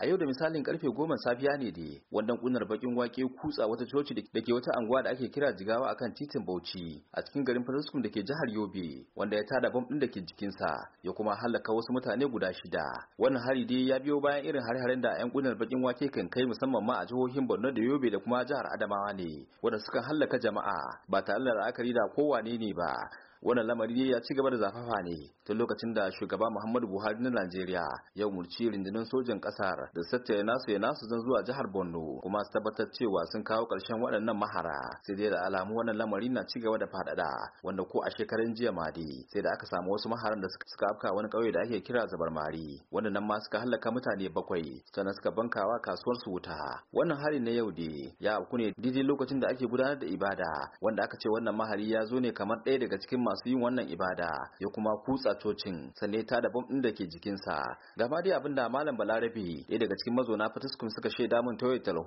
a yau da misalin karfe goma safiya ne da wannan kunar bakin wake kutsa wata coci da ke wata anguwa da ake kira jigawa akan titin bauchi a cikin garin fataskum da ke jihar yobe wanda ya tada bom din da ke jikinsa ya kuma halaka wasu mutane guda shida wannan hari dai ya biyo bayan irin har-haren da yan kunar bakin wake kan kai musamman ma a jihohin borno da yobe da kuma jihar adamawa ne wanda suka halaka jama'a ba tare da la'akari da kowane ne ba wannan lamari ya ci gaba da zafafa ne tun lokacin da shugaba Muhammadu Buhari na Najeriya ya umarci rundunar sojan kasar da ya nasu ya nasu zan zuwa jihar Borno kuma su tabbatar cewa sun kawo karshen waɗannan mahara sai dai da alamu wannan lamari na ci gaba da faɗaɗa wanda ko a shekarun jiya madi sai da aka samu wasu maharan da suka afka wani ƙauye da ake kira Zabarmari mari. Wannan ma suka halaka mutane bakwai sannan suka bankawa kasuwar su wuta wannan hari na yau ne ya ne daidai lokacin da ake gudanar da ibada wanda aka ce wannan mahari ya zo ne kamar ɗaya daga cikin masu yin wannan ibada ya kuma kutsa cocin sanne ta da bom din da ke jikinsa ga ma dai abin da malam balarabe ɗaya daga cikin mazauna fatiskum suka shaida mun tawaye talho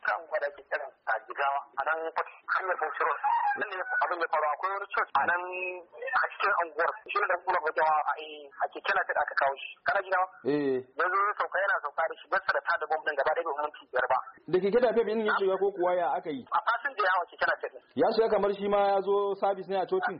kan gwada ke kiran a jigawa a nan hanyar bauchiros nan ne abin da faru akwai wani church a nan a cikin anguwar shi ne da kuma ba jawa a yi a ke kira da aka kawo shi kana jigawa eh yanzu ya sauka yana sauka da shi basta da ta da bom din gaba da bai mun biyar ba da ke kira fef ya shiga ko kuwa ya aka yi a fasin da yawa ke kira ya shiga kamar shi ma ya zo sabis ne a cocin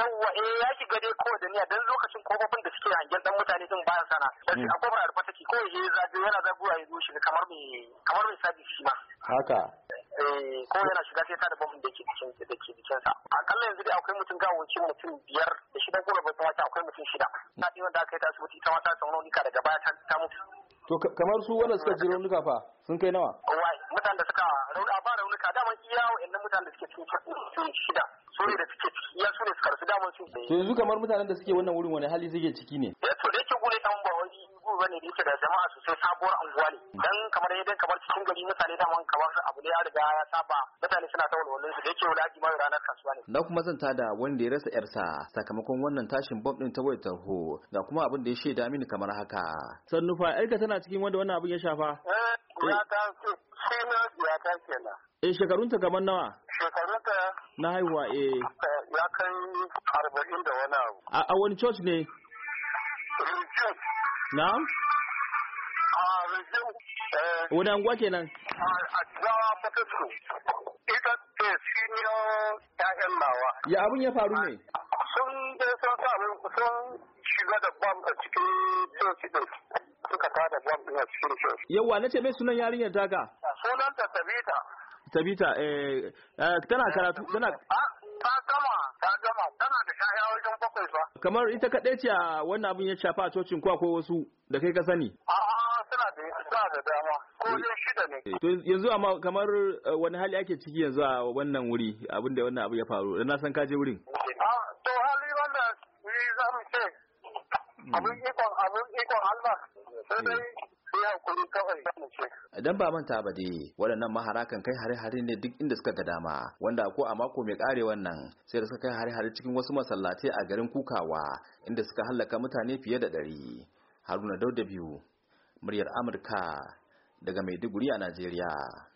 yawwa eh ya shiga dai kawai da niyya dan lokacin kofofin da suke hangen dan mutane din ba sana sai a kofar alfa take kawai yayi zabe yana zaguwa ya zo shiga kamar mai kamar mai sabi shi ma haka eh ko yana shiga sai ta da bombin da ke cikin da ke cikin sa akalla yanzu dai akwai mutum gawocin mutum biyar da shi dan ta wata akwai mutum shida na ɗin wanda aka yi ta asibiti ta wata ta raunuka daga baya ta mutu to kamar su wanda suka ji raunuka fa sun kai nawa wai mutanen da suka raunuka ba raunuka daman iya wa'annan mutanen da suke cikin shida su ne da suke ciki ya su ne suka rasu damar su. to yanzu kamar mutanen da suke wannan wurin wani hali suke ciki ne. ya eh to da yake gure ɗan ba wani gure bane da yake da jama'a sosai sabuwar anguwa ne dan kamar yadda kamar cikin gari mutane da man kamar abu ne ya riga ya saba mutane suna ta su da yake aji ma ranar kasuwa ne. na kuma zanta da wanda ya rasa yarsa sakamakon wannan tashin bom ɗin ta wayar tarho ga kuma abin da ya shaida mini kamar haka. sannufa aika tana cikin wanda wannan abin ya shafa. eh ya ta na ya ta kenan. eh ta kamar nawa. shekarun Na haihuwa eh. Ya kai arba'in da wani abu. A wani church ne? Religious. Na? A religious. Eh. Wani anguwa kenan? A jawa Potosko. Ita ce senior ya'yan nawa. Ya abun ya faru ne? Sun da sun sa sun shiga da bam a cikin church din. Suka tada bam din a cikin church. Yawa na ce mai sunan yarinyar daga? sunan ta Tabita eh, eh tana eh, karatu tana ah, ta gama ta gama tana da ƴaƴa wajen bakwai fa. Kamar ita kaɗai ce a wannan abin ya shafa a cocin ko akwai wasu da kai ka sani? A'a ah, suna da suna da dama ko eh. dai shida ne. To yanzu amma kamar wani hali ake ciki yanzu a wannan wuri abin da wannan abu ya faru da na san ka je wurin. A ah, to hali wannan ni za mu ce abin hmm. ikon abin ikon Allah sai dai idan ba manta ba dai waɗannan mahara kan kai hare-hare ne duk inda suka ga dama wanda ko a mako mai ƙare wannan sai da suka kai hare-hare cikin wasu masallatai a garin Kukawa inda suka hallaka mutane fiye da ɗari Haruna Dauda biyu muryar Amurka daga Maiduguri a Najeriya